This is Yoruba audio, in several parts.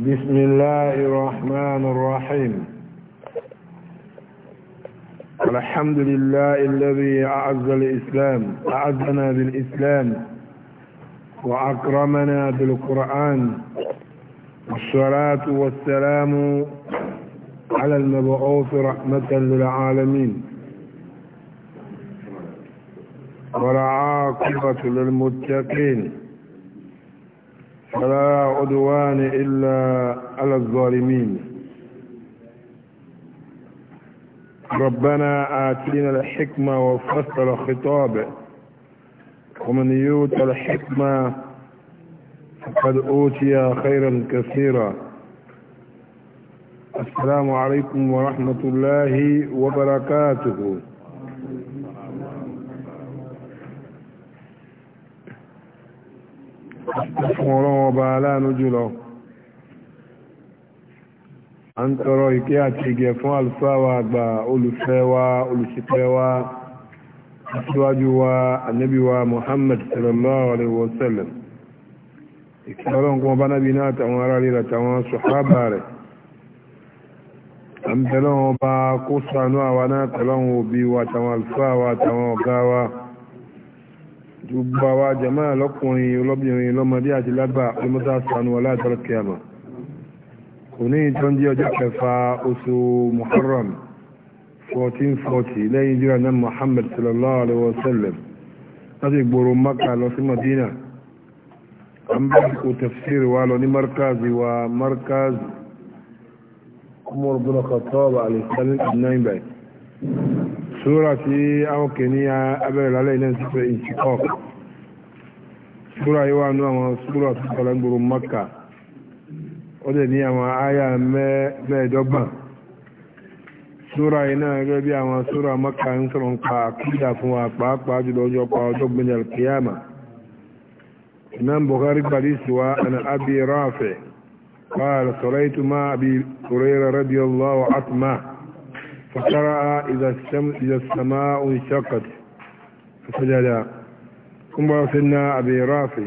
بسم الله الرحمن الرحيم الحمد لله الذي أعز الإسلام أعزنا بالإسلام وأكرمنا بالقرآن والصلاة والسلام على المبعوث رحمة للعالمين ولا عاقبة للمتقين فلا عدوان إلا على الظالمين ربنا آتينا الحكمة وفصل الخطاب ومن يوت الحكمة فقد أوتي خيرا كثيرا السلام عليكم ورحمة الله وبركاته fún ọlọ́wọ́ ọba aláàánú jùlọ a ń tọrọ ìkẹ́ àti ìgẹ̀ fún àlùfáà wa àgbà olùfẹ́ wa olùṣìpẹ̀ wa aṣíwájú wa ànábì wa Muhammad sallallahu alaihi wa sallam ìkẹ́ ọlọ́run kún ọba náà tàwọn náà tàwọn àlùfáà gbogbo àwa jàmáà lọ́kùnrin olóbìnrin lọ́mọdé àti lágbà olómọdé àsánú aláàtọ́rọ̀ kìámà òní ìtọ́ndí ọjọ́ kẹfà oṣù muharram 1440 lẹ́yìn jíra náà muhammad sallallahu alaihi wasallam láti gbòrò maka lọ sí madina an bá kò tafsir wa lọ ní markazi wa markazi kuma rubuna sura tí àwọn kìíní abẹ́rẹ̀ lálẹ́ ilẹ̀ ti fẹ́ ìtìkọ́k sura wa ní awon sura tó maka ó ni awon aya àyà sura yi naa gẹ́gẹ́ bi awon sura maka ń sọ̀rọ̀ pa àkúdà fún wa pàápàá jùlọ ọjọ́ pa ọjọ́ gbẹ̀yà imam ana abi rafi قال صليت مع ابي هريره فقرأ إذا, السم... إذا السماء انشقت فسجدا ثم سيدنا أبي رافع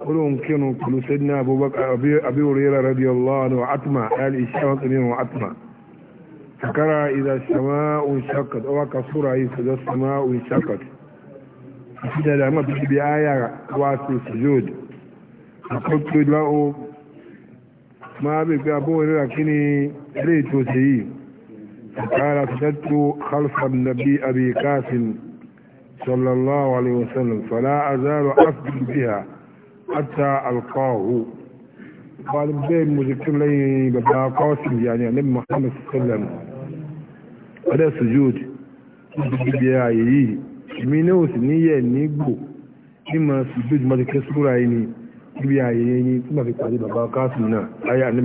قلهم كانوا قلوا سيدنا أبو بكر أبي, أبي هريرة رضي الله عنه وعتمة قال إشام قليل وعتمة فقرأ إذا السماء انشقت أو كسورة إذا السماء انشقت فسجد ما بآية واسع السجود فقلت له ما بك أبو هريرة كني ريت وسيم قال سجدت خلف النبي أبي قاسم صلى الله عليه وسلم فلا أزال أسجد بها حتى ألقاه قال بين مذكر لي بابا قاسم يعني النبي محمد صلى الله عليه وسلم هذا سجود بيايي mínú sí ní yẹ̀ ní gbò ní ma sujud ma ti kí súra yìí ni níbi ayẹyẹ yìí tí ma fi pàdé bàbá kásùn náà ayé àní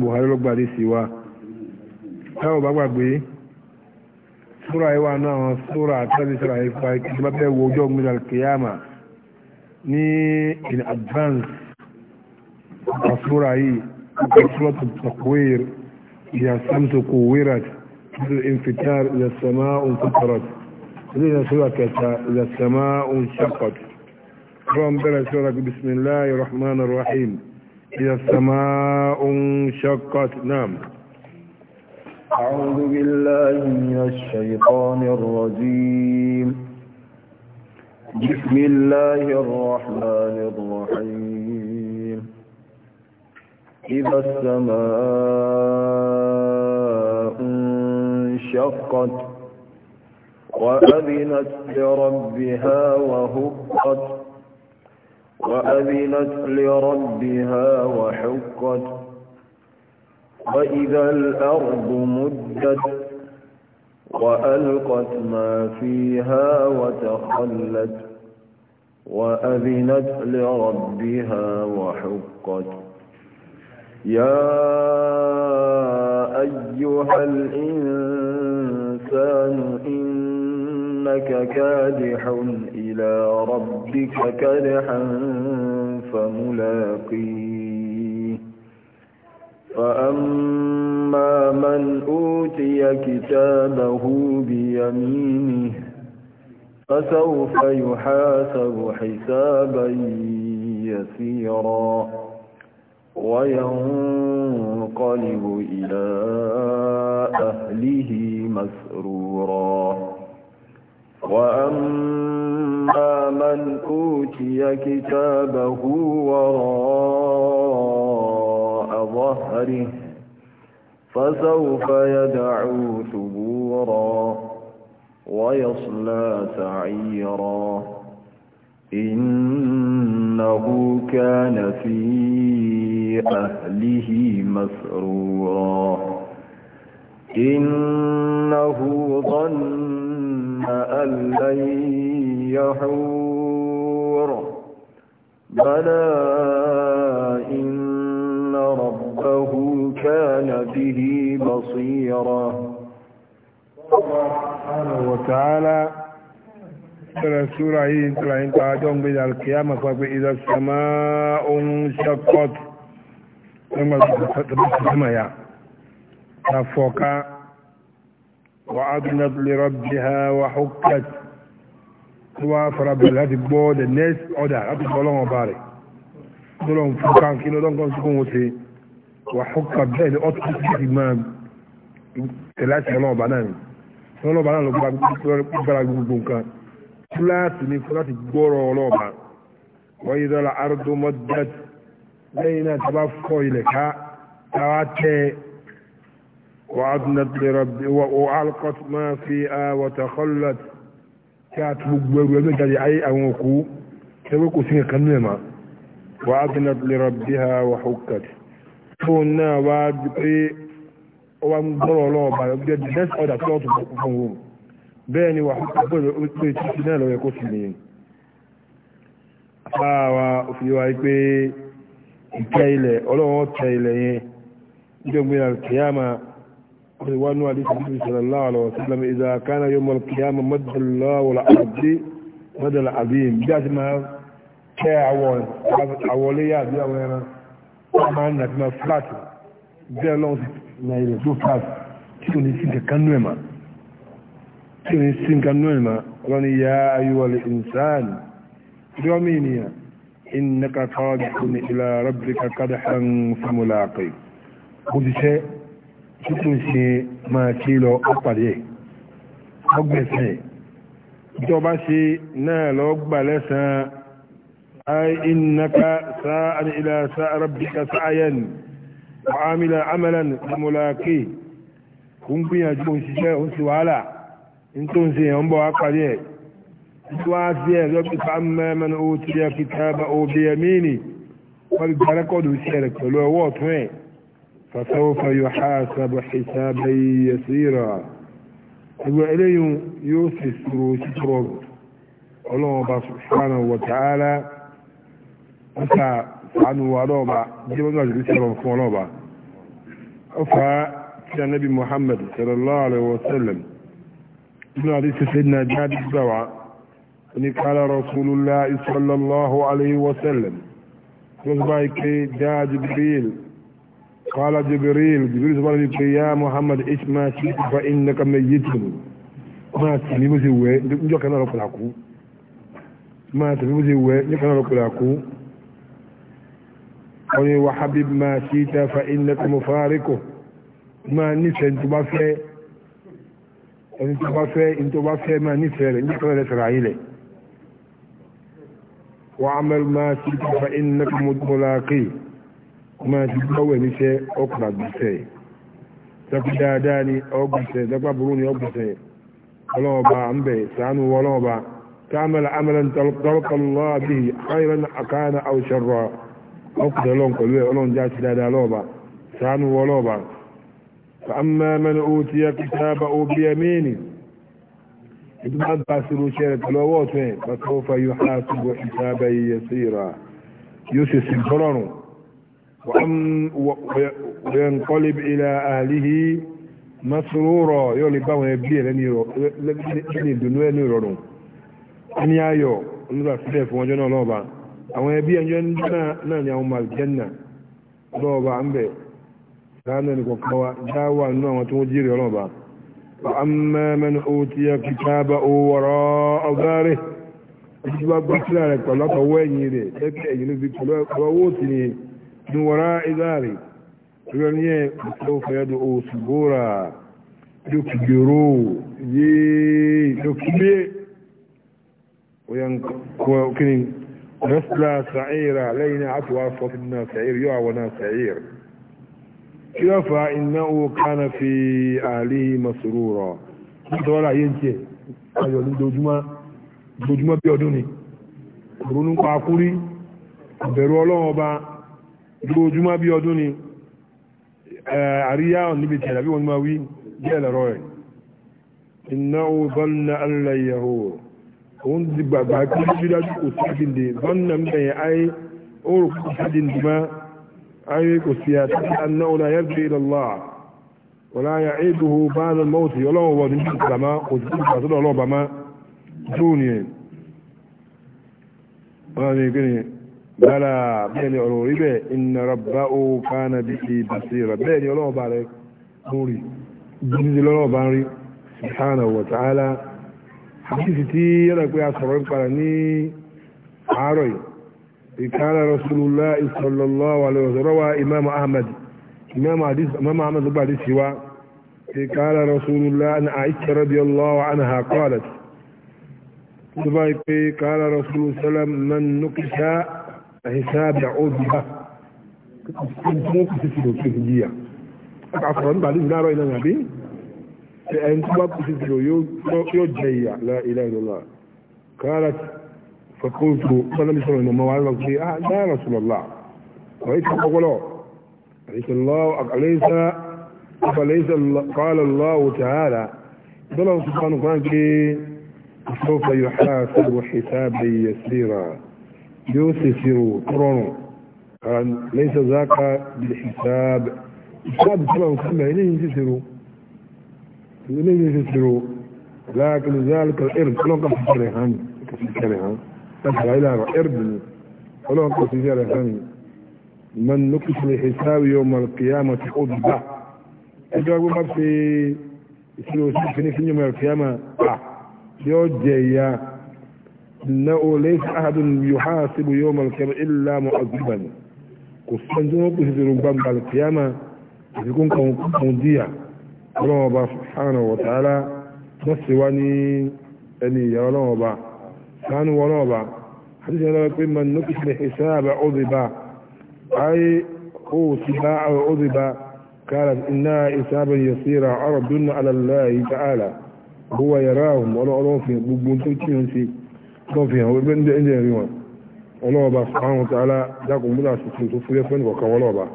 Muhammad táwọn bá gbàgbé súra yìí wà náà àwọn súra àtàlẹ́ súra yìí fa kí bá wo ọjọ́ gbẹ́dà kìyàmà ní in advance ọ̀pọ̀ súra yìí ọ̀pọ̀ súra tó tọ̀kùwéèrè ìyá samson kò wéèrè tó infitar ìyá sàmá òǹkọ̀tọ̀rọ̀ ilé ìyá súra kẹta ìyá sàmá òǹṣàkọ̀t rọ́n bẹ̀rẹ̀ súra kí bisimilahi rahman rahim ìyá sàmá òǹṣàkọ̀t náà أعوذ بالله من الشيطان الرجيم بسم الله الرحمن الرحيم إذا السماء انشقت وأذنت لربها وهقت وأذنت لربها وحقت وإذا الأرض مدت وألقت ما فيها وتخلت وأذنت لربها وحقت يا أيها الإنسان إنك كادح إلى ربك كدحا فملاقيه فأما من أوتي كتابه بيمينه فسوف يحاسب حسابا يسيرا وينقلب إلى أهله مسرورا وأما من أوتي كتابه وراء ظهره فسوف يدعو ثبورا ويصلى سعيرا إنه كان في أهله مسرورا إنه ظن أن لن يحور بلى كان به بصيرا سبحانه وتعالى سورة عين تلعين تعجون بإذا القيامة فإذا السماء انشقت ثم تسمى تفوق وأذنت لربها وحكت wa fara bẹ̀rẹ̀ láti gbọ́ the next order láti gbọ́ lọ́wọ́ bá rẹ̀ tó lọ́n fún wàhùkà bẹ́ẹ̀ ni ọtún ti ti máa tẹ̀lé àti ọlọ́ọ̀bá náà ni ọlọ́ọ̀bá náà ló gbára gbogbo nǹkan kíláàsì ni fún láti gbọ́rọ̀ ọlọ́ọ̀bá wọ́n yí dọ́là arúgbó mọ́dẹ́t lẹ́yìn náà tá a bá fọ́ ilẹ̀ ká tá a tẹ وعدنت لرب وألقت ما فيها وتخلت كات بغبغ دجاي اي اوكو كبكو سين كنما وعدنت لربها وحكت fóun náà wá di pé ó wá ń gbọ́rọ̀ ọlọ́wọ́ bá jẹ́ the next order tó lọ́tún fún fún wọn bẹ́ẹ̀ ni wà pẹ̀lú pé títí náà lọ́yẹ ní àwa òfin wa pé ìtẹ́ ilẹ̀ ọlọ́wọ́ tẹ ilẹ̀ yẹn nítorí alkiyama wani wa alisa bisu sallallahu alaihi wasallam idza kana yawm alqiyama madallahu wal ardi wọ́n máa ń nà fún flat bẹ́ẹ̀ lọ́wọ́ sí na ilẹ̀ tó flat tí o ní sí nǹkan nú ẹ̀ mà tí o ní sí nǹkan nú ẹ̀ mà ọlọ́run ni yá ayúwọlé ìnsáàlì ìdí ọmọ ènìyàn ìnàkà káwàbí fún ilà rọ́bìrìkà kádà hàn fúnmùlà àpè bó ti ṣe tí kò ṣe máa kí lọ ọ̀pàdé ẹ̀ ọgbẹ̀sẹ̀ ìjọba ṣe náà lọ gbà lẹ́sàn-án أي إنك ساء إلى ساء ربك سعيا وعامل عملا لملاقيه كن بيا جون شيشة أنسي وعلا انتون سي هم بوا قليه واسيا فأما من أوتي كتابه أو بيميني والجلق دوسيرك لو وطوين فسوف يحاسب حسابا يسيرا أقول إليه يوسف سرور سرور الله سبحانه وتعالى ọ̀sà àánú ọlọ́ọ̀bá jíjẹ́bọ́n àti ìṣẹ́lọ̀ fún ọlọ́ọ̀bá ó fa tí a nábi Muhammad sallallahu alaihi wasallam inú àti ṣiṣẹ́ na jáde gbàwá ní kala rasulullah sallallahu alaihi wasallam tó sọ báyìí pé já jibril kala jibril jibril sọ báyìí pé ya Muhammad ishma sí fa inna ka mai yitin máa sì ní bó ṣe wẹ́ níjọ́ kan náà lọ́kùnrin àkú máa sì ní bó ṣe wẹ́ níjọ́ kan náà lọ́kùnrin àkú قل وحبب ما شئت فإنك مفارقه ما نسى انت بفه انت بفه انت بفه ما نسى نقرأ لسرائيل وعمل ما شئت فإنك ملاقي ما تتبوى نسى أقرأ بسي تقدا داني أقبسي تقدا بروني أقبسي ولوبا أمبي سعنو ولوبا تعمل عملا تلقى الله به خيرا اكان أو شرا ọkùnrin ọlọ́run pẹ̀lú ẹ̀ ọlọ́run já sí dáadáa lọ́ọ̀bà sàánú wọ lọ́ọ̀bà fàámà mẹ́nu ó ti yẹ kíkà bá ó bí ẹ mẹ́ni ìdí máa ń bá sírò ṣe rẹ̀ pẹ̀lú ọwọ́ ọ̀tún ẹ̀ pàtó fa yóò há túbọ̀ ìta bá yẹ sí ìrà yóò ṣe sí bọ́rọ̀rùn wọ́n kọ́lé ilẹ̀ àlìhí masrúrọ̀ yóò lè báwọn ẹbí ẹ̀ lẹ́ni ìdùnnú ẹni ìrọ̀rùn ẹni ayọ̀ onígbà sílẹ̀ fún ọjọ́ náà lọ́ọ̀bà àwọn ẹbí ẹ̀yọ́ náà ni àwọn màlìjẹ́nà lọ́ọ̀bà ń bẹ̀ sáánà ní kọ̀ọ̀kan wa dáwà nínú àwọn tó ń jírí ọlọ́ọ̀bà fa'amma man utiya kitabahu wara'a dhahrihi ẹ̀jú bá gbọ́ sílẹ̀ rẹ̀ pẹ̀lú ọ̀tọ̀wọ́ ẹ̀yìn rẹ̀ lẹ́kẹ̀ ẹ̀yìn ló fi pẹ̀lú ọwọ́ òsì ni ní wara'a dhahrihi rẹ̀ ní ẹ̀ kò fẹ́ẹ́ do kí ni نسلى سعيرا لينا أطوى صفنا سعير يعونا سعير كيفا إنه كان في أهله مسرورا nítorí ọ̀la yé ń tiẹ̀ ayọ̀ ní dojúmọ́ bí ọdún ni ronú pa kúrí ìbẹ̀rù ọlọ́run ọba dojúmọ́ bí ọdún ni àríyá níbi tiẹ̀ tàbí wọn máa wí bí ẹ̀lẹ́rọ rẹ̀ iná ó bọ́lá aláyàwó òun ti gbàgbà pé dídájú kò sí àdìndè bọ́nà ń bẹ̀yẹn ayé ó rò kò sí àdìndè má ayé kò sí àti àná ọ̀nà ayẹ́bí ìlọ́lá ọ̀nà ayé ẹ̀dùhù bá ń mọ́ òsì ọlọ́wọ́ wọ̀ níbi ìgbàmá kò sí ìgbàsọ́dọ̀ ọlọ́ọ̀bà má jóòní ẹ̀ wọ́n ní kí ni bala bẹ́ẹ̀ ni ọ̀rọ̀ orí bẹ́ẹ̀ iná rabba ó kánà bí basira bẹ́ẹ̀ ni ọlọ́ọ̀bà rẹ̀ mú rí bí i lọ́lọ́ọ̀bà subhanahu wa ta'ala hadisi tí yára pé a sọ̀rọ̀ nípa ní àárọ̀ yìí ìkàrà rasulullah sallallahu alaihi wasallam wa imam ahmad imam hadis imam ahmad ló bá hadisi wa ìkàrà rasulullah an aisha radiyallahu anha qalat tó bá pé ìkàrà rasulullah sallam man nukisha hisabi ubiha kí ni kí ni kí ni kí ni kí ni kí ni kí ni kí ni kí ni kí ni kí ni kí ni يجي لا إله إلا الله قالت فقلت صلى الله عليه وسلم وعلى الله فيه لا رسول الله وإيش أقوله عليك الله أليس فليس قال الله تعالى بل سبحانه قال سوف يحاسب حسابا يسيرا يسير قرون ليس ذاك بالحساب حساب سبحانه قال إليه يسيروا eléyìí ṣe ṣòro láàkì ní zálìkà ẹ̀rù ọlọ́nkà fi ṣẹlẹ̀ hàn kì í ṣẹlẹ̀ hàn láti ráyé lára ẹ̀rù ni ọlọ́nkà fi ṣẹlẹ̀ hàn man lókè ṣẹlẹ̀ ìṣàwí ọmọ kìyàmà ti ó bá ẹjọ́ gbé má fi ìṣòro sí fínífíní ọmọ kìyàmà pa yóò jẹ ìyá na o lẹ́sí ahadun yóò há síbu yóò mọ̀ kìyàmà ilá mọ̀ ọ̀gbìn kò sọ́njú wọn kò ṣe ṣòro gbàgbà kìyàmà àfikún kan ọlọ́run ọba subhanahu wa ta'ala bọ́sì wá ní ẹni ìyá ọlọ́run ọba sánú ọlọ́run ọba àti ìyá ọlọ́run pé man nukisile hisaba udhiba ayé ó ti bá àwọn udhiba قالت إنها حسابا يسيرا أردنا على الله تعالى هو يراهم ولا أرون في بوبون تكين في tọ́fihàn wọ́n bẹ́ẹ̀ ń dẹ́ ẹ̀rìn wọn ọlọ́ọ̀bá sàánù tààlà dákùnmúlà sí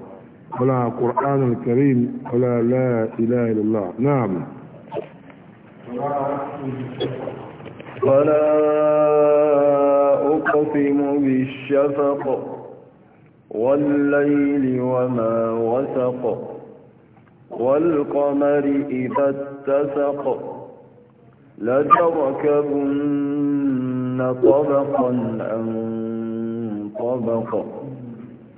ولا قرآن الكريم ولا لا إله إلا الله نعم ولا أقسم بالشفق والليل وما وسق والقمر إذا اتسق لتركبن طبقا أن طبق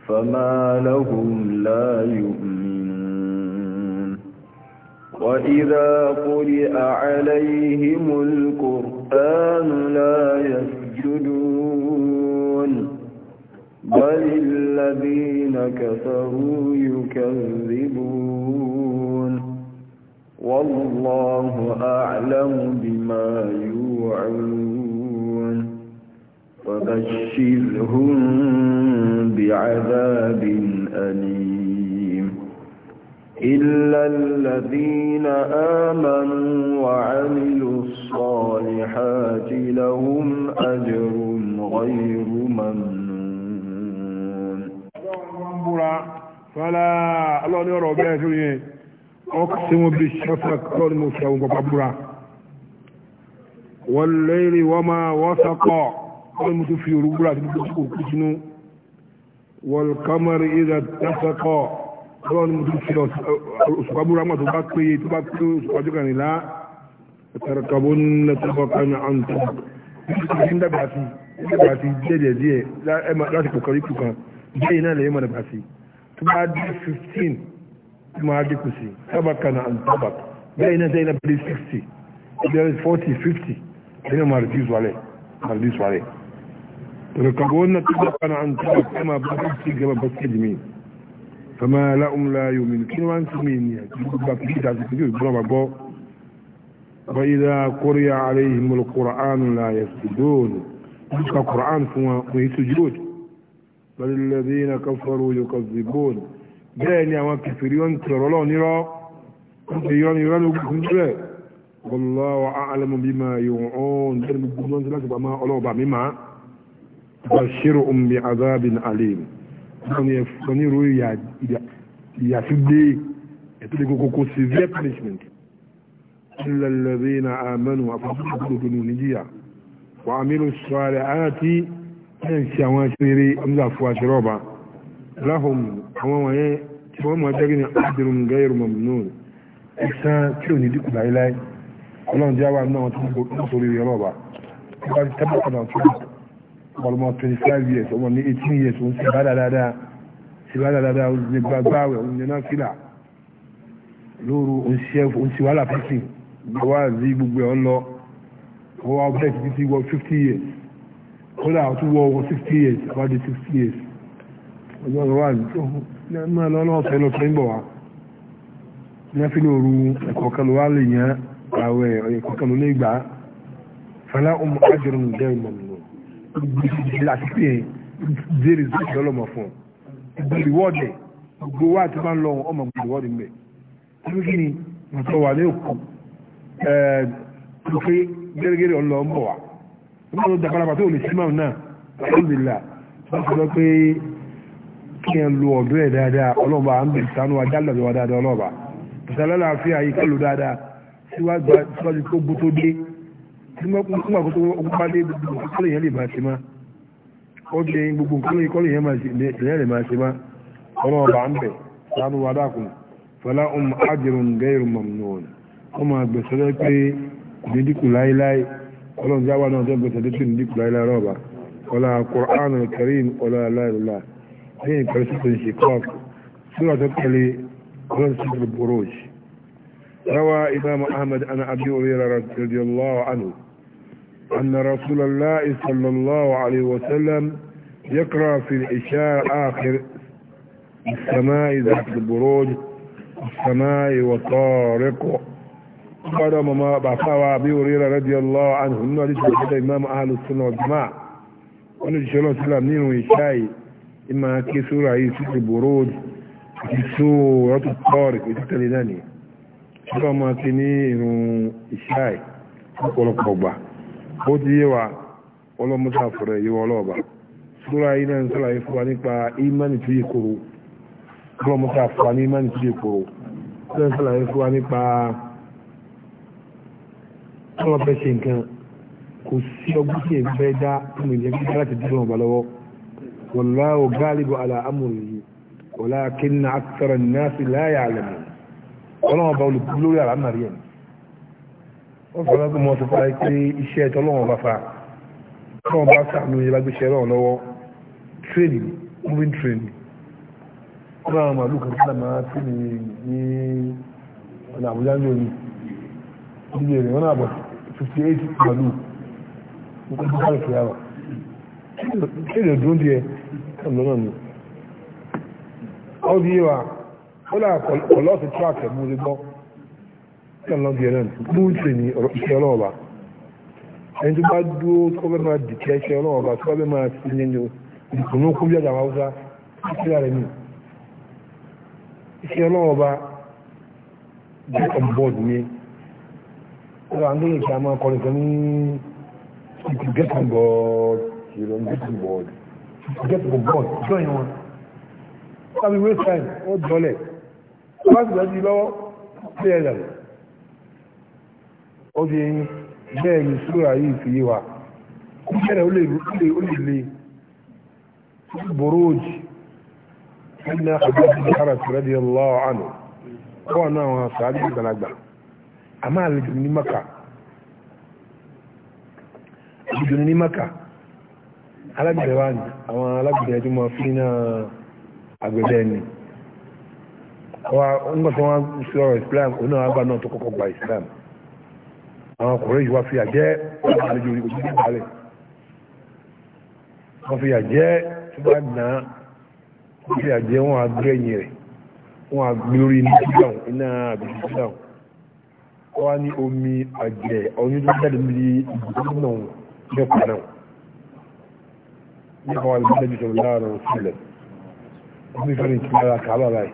فما لهم لا يؤمنون وإذا قرئ عليهم القرآن لا يسجدون بل الذين كفروا يكذبون والله أعلم بما يوعون فبشرهم بعذاب أليم إلا الذين آمنوا وعملوا الصالحات لهم أجر غير ممنون فلا الله يرى بيته أقسم بالشفق كل مسلم وبابرا والليل وما وثق كل مسلم في ربرا والقمر إذا اتفقا ọlọ́run ní mo tún kílọ̀ òṣùpá búra mọ́ tó bá péye tó bá pé òṣùpá jù kàn nílá ẹ̀tẹ̀rẹ̀kọ̀bó ní ẹ̀tẹ̀rẹ̀kọ̀ kan ní àǹtọ̀ ní dàgbà sí dàgbà sí díẹ̀ díẹ̀ láti pọ̀ kọrí kùkan díẹ̀ 15. lẹ́yìn mọ̀ dàgbà sí tó bá dé fifteen tó máa dé kù sí sábà kan ní àǹtọ̀ bẹ́ẹ̀ iná يركبون تبقى عن طبق ما بقيت كما بس جميل فما لا أم لا يؤمن كن وان سمين يعني وإذا قرئ عليهم القرآن لا يسجدون القرآن فما يسجدون بل الذين كفروا يكذبون بين يا كفريون ترولون يرى كفريون يرى والله أعلم بما يوعون بل مبنون ثلاثة بما أولو بما bashiruhum bi azabin alim wọn yẹ fún ní ròyìn ìyàsígbé ètò ìgbò kòkó severe punishment illa alladhina amanu àfọ́sọ́gbò tó ní jíyà wà ámìlú sọ́ọ̀rẹ̀ àti ẹ̀yìn sí àwọn aṣèrè ọmọdé fún aṣèrọ́ba lahum àwọn wọ̀nyẹ tí wọ́n mọ̀ jẹ́gìn àdìrún gẹ́rù mamnun ẹ̀sán tí ò ní dìkù láíláí ọlọ́run jáwà náà tó ń bọ̀ sórí ọlọ́ba ọmọ 25 years ọmọ ní 18 years òun ti bá dáadáa ti bá dáadáa òun ní gbàgbáwẹ̀ òun ní náfìlà lóru òun ṣe òun ti wàhálà fífì wá sí gbogbo ẹ̀ ń lọ wọ́n wá bẹ́ẹ̀ títí wọ 50 years kódà tún wọ wọ 60 years About the 60 years ọjọ́ ọ̀rọ̀ wà ní ọmọ ọlọ́nà ọ̀sẹ̀ lọ sẹ́yìn bọ̀ wá náfìlà òru ẹ̀kọ́ kan ló wá lè yàn àwẹ̀ ẹ̀kọ́ kan ló lè gbà fẹlẹ́ ọmọ ajọ́rùn-ún dẹ́ ìmọ̀ni láti pé zèrè zèrè lọ́lọ́mọ fún ọ gbèrè wọ́ọ̀dẹ̀ gbogbo wa ti máa ń lọ ọmọ gbèrè wọ́ọ̀dẹ̀ mbẹ̀ nínú kí ni nǹkan wà ní òkú ẹ̀ẹ́dùn pé gẹ́gẹ́rẹ́ ọlọ́ ń bọ̀ wá nígbà tó dàgbà pàtó òní símọ̀ náà alhamdulillah wọ́n ti lọ pé kí ẹ lo ọ̀dọ́ ẹ̀ dáadáa ọlọ́ba à ń bèrè sánú ajálọ̀dọ̀ wa dáadáa ọlọ́ba nígbà tó ogun bá dé gbogbo kọ́lù yẹn lè máa ṣe má ó di ṣe má ọlọ́wọ́ ń bẹ̀ láàrú wa fọlá um ajrun gairu mamnun wọ́n pé láíláí náà gbẹ̀sẹ̀ láíláí rọ́ọ̀bà أن رسول الله صلى الله عليه وسلم يقرأ في العشاء آخر السماء ذات البروج السماء وطارق قدم ما بعثوا أبي هريرة رضي الله عنه من حديث هذا إمام أهل السنة والجماعة وأن الشيخ السلام نينو إشاي إما كي سورة هي سورة البروج كي سورة الطارق إتكالي داني شكرا ما كني إشاي أقول قبع ó ti yé wa ọlọ́mọta fọ̀rọ̀ yíwọ ọlọ́ọ̀bà fúra yìí náà ń sọ́làyé fún wa nípa imani tó yẹ kóró fún wa ní imani fún wa nípa ṣe nǹkan kò sí ọgbọ́n tí dá fún mi láti dúró ọ̀bà lọ́wọ́ la wọ́n fọ́n lọ́gbọ́n mọ́ tó parí pé iṣẹ́ ẹ̀tọ́ lọ́wọ́n bá fa lọ́wọ́n bá sàánú yẹn lágbé ṣẹ́ lọ́wọ́ lọ́wọ́ training moving training wọ́n àwọn màálù kan sílẹ̀ máa tí ní ní ọ̀nà àbújá ní omi ìdíje rẹ̀ wọ́n àbọ̀ 58 màálù nǹkan tó kárẹ̀ kìí àwà kí lè dúró díẹ̀ lọ́nà ni ó di yé wa ó là kọ̀lọ́ọ̀sì track ẹ̀ mú gbọ́ kàlọ́ bí ẹ̀rọ mú ń tè ní iṣẹ́ ọlọ́ọ̀bà ẹni tó bá dúró tó bẹ́ máa dìtẹ́ iṣẹ́ ọlọ́ọ̀bà tó bẹ́ máa ti ní ẹni ìdùnnú kún bí àjàwá Haúsá iṣẹ́ rẹ̀ mí iṣẹ́ ọlọ́ọ̀bà jẹ́ on board mi ó wà ní ìṣẹ́ àmọ́ akọrin kan ní ìtì get on board ìrọ̀ get on board get on board join wọn tàbí waste time ó dọ́lẹ̀ wọ́n ti lọ́ọ́ di lọ́wọ́ clear ó di bẹ́ẹ̀ ni súra yìí fi yé wa kó bẹ̀rẹ̀ ó lè le burújì ẹ̀nà àbájú harris radiyallahu anhu kó wà náà wọn sàájú ìgbàlagbà àmà àlejò ní maka àlejò ní maka alágbèrè wa ni àwọn alágbèrè ẹjọ́ máa fi náà agbẹ̀bẹ̀ ni wọ́n ń gbà tó wọ́n sọ̀rọ̀ islam onáwàgbà náà tó kọ́kọ́ gba islam àwọn ọkùnrin yìí wá fi àjẹ́ àlejò ojú balẹ̀ wọ́n fi àjẹ́ tó bá nà á wọ́n fi àjẹ́ wọn àgbé ẹ̀yìn rẹ̀ wọn àgbé lórí iná sídáhùn iná àbíjú sídáhùn wọ́n á ní omi àjẹ́ ọyún tó jáde níbi ìgbésẹ̀ náà nípa náà nípa wà lórí ìdájọ́ sọ̀rọ̀ láàárọ̀ sílẹ̀ wọ́n fi fẹ́ràn ìtura kàbàbáyé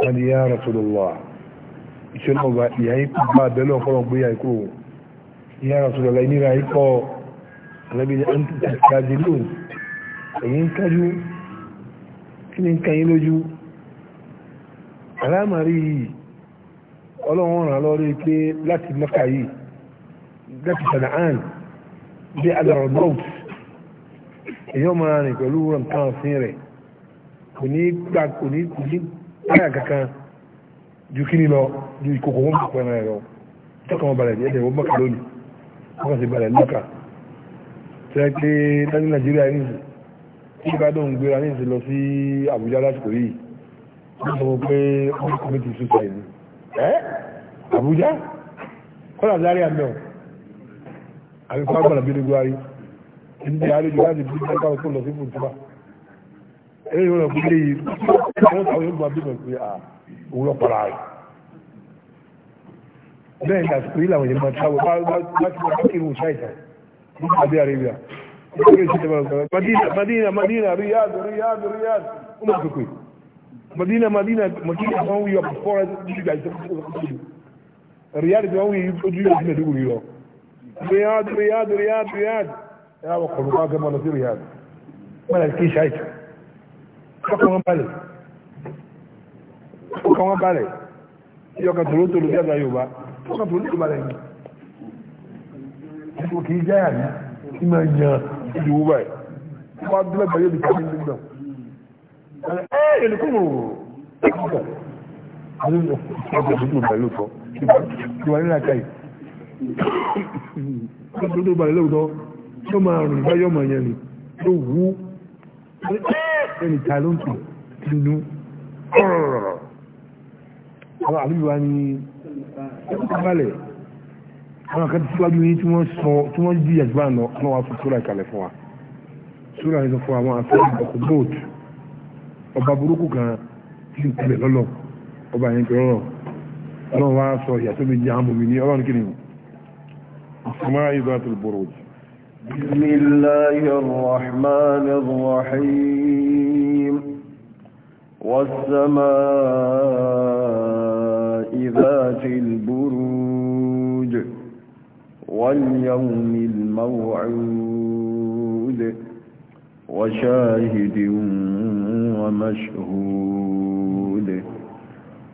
wọ́n ní yá Rasulullah iṣẹ́ náà bá ìyá yìí bá abẹ́lẹ̀ ọ̀pọ̀lọ̀ gbé ikú òun ìyá rà ikọ̀ alábi ní kájí lóun èyí ń kájú kí ni ń ka lójú alámàrí ọlọ́run ràn lọ́rí pé láti mọ́kà yìí láti sàdáhàn ju kí ni lọ ju ìkòkò wọn kò pẹ́ran ẹ̀rọ tọ́kàn wọn balẹ̀ ẹ̀dẹ̀ wọn mọ́kà lónìí wọ́n kàn sí balẹ̀ lọ́kà tẹ́ pé láti nàìjíríà ní ìsìn tí ìbádọ́ ń gbéra ní ìsìn lọ sí àbújá lásìkò yìí wọ́n sọ pé wọ́n kọ́ mi ti sùsà ìlú ẹ́ àbújá kọ́lá sáré àmọ́ àbí kọ́ àgbàlá bíi nígbàrí ẹni tí àlejò láti bí nígbà kan lọ sí fùtúbà ẹ̀rọ ìrọ̀lẹ́ òun lọ para rẹ̀ bẹ́ẹ̀ ni àsìkò yìí làwọn èèyàn máa tábọ̀ bá ti máa kí irun ṣáìtà ní Saudi Arabia Madina Madina Madina Riyadh Riyadh Riyadh ó máa pèpè Madina Madina Madina wọn wí ọkọ̀ fọ́ọ̀rẹ́ ní ìgbà ìṣẹ́kọ̀ọ́ Riyadh wọn wí ojú yóò ti mẹ́dógún yìí lọ Riyadh Riyadh Riyadh Riyadh ẹ̀ wọ́n kọ̀ọ̀lù ká gẹ́mọ́ lọ sí Riyadh mọ́lá kí ṣáìtà kọ́kọ́ wọn balẹ̀ ó kàn wọ́n balẹ̀ tí ọkàn tòló tòló bí àgbà yorùbá ó kàn tòló tòló balẹ̀ yìí ẹ̀sùn kìí jáyà ní kí máa yan ìdìbò báyìí wọ́n á dúró gbàyè nìkan ní nígbà ẹ̀ ẹ̀ ẹ̀lẹ́kùn rò ó àwọn ọ̀pọ̀ tó bá lóòótọ́ ìwà nílà káì ọ̀pọ̀ tó bá lóòótọ́ tó máa rìn báyọ̀ mọ̀ yẹn ni tó wú ẹni ta ló ń tù nínú àwọn àbíbí wa ní ẹkùnkàlẹ̀ àwọn kan síwájú yìí tí wọ́n sọ tí wọ́n di ẹ̀gbá lọ àwọn wa fún súra ìkàlẹ̀ fún wa súra yìí sọ fún àwọn afẹ́rẹ́ ìbọ̀kú bóòtù ọba burúkú kan tí ń kulẹ̀ lọ́lọ́ ọba yẹn kẹ́ lọ́lọ́ ọlọ́run wa sọ ìyàtọ̀ méjì àwọn mòmí ní ọlọ́run kìnìún ìsúnmọ́ra yìí bá tó bọ̀rọ̀ jù. بسم الله الرحمن الرحيم والسماء ذات البروج واليوم الموعود وشاهد ومشهود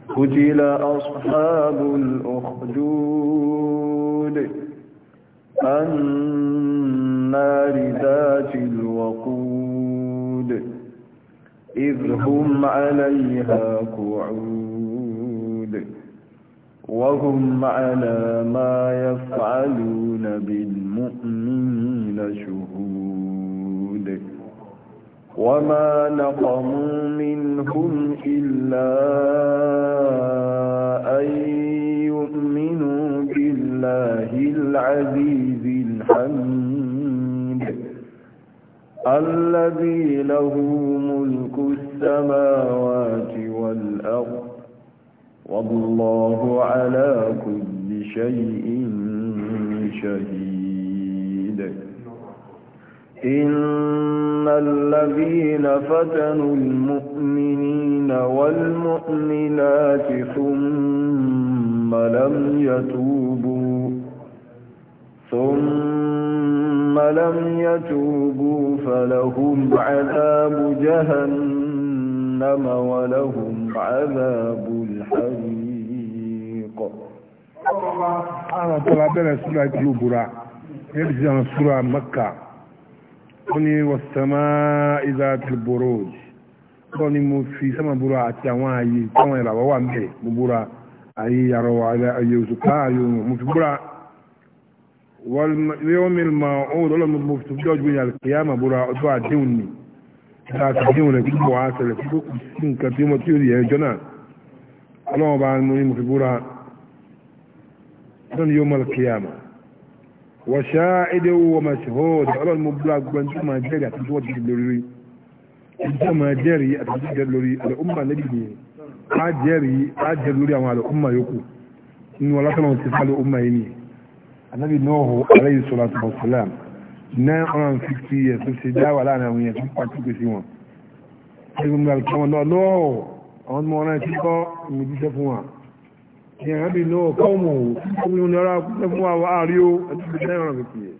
قتل أصحاب الأخدود النار ذات الوقود إذ هم عليها قعود وهم على ما يفعلون بالمؤمنين شهود وما نقموا منهم إلا أن يؤمنوا بالله العزيز الحميد الذي له ملك السماوات والأرض والله على كل شيء شهيد إن الذين فتنوا المؤمنين والمؤمنات ثم لم يتوبوا ثم لم يتوبوا فلهم عذاب جهنم ولهم عذاب الفريق أنا طلع بنا سورة البراء يرجع سورة مكة قني والسماء ذات البروج قني مو في سما براء تواي تواي لا وامبي مبراء أي يروا على أي سكا يوم مبراء واليوم الموعود ولا مفتوج من القيامة براء دعاء دوني ذات دوني كل معاصر كل سنكتي مطير يا جنان ọlọ́wọ́ bá mú ní mùsùlùmí búra lọ́nà yóò mọ̀lá kíyàmà wọ́n ṣá èdè owó ọmọ ṣèhóòdì ọlọ́run mú búra gbọ́n tó máa jẹ́rì àti tó ti lórí tó máa jẹ́rì àti tó jẹ́rì lórí alẹ́kùnmà níbi ni a jẹ́rì a jẹ́rì lórí àwọn alẹ́kùnmà yòókù nínú ọlọ́sọ̀rọ̀ ti fà lẹ́kùnmà yìí ni anábì nọ́ọ̀hù aláyhi àwọn ọmọ ọ̀rẹ́ tí kọ́ ìmìdíṣẹ́ fún wa ní àrábì náà kọ́ọ̀mù òkúrò ní ọ̀rá pẹ́ fún wa àárí ó ẹ̀dùnkùnrin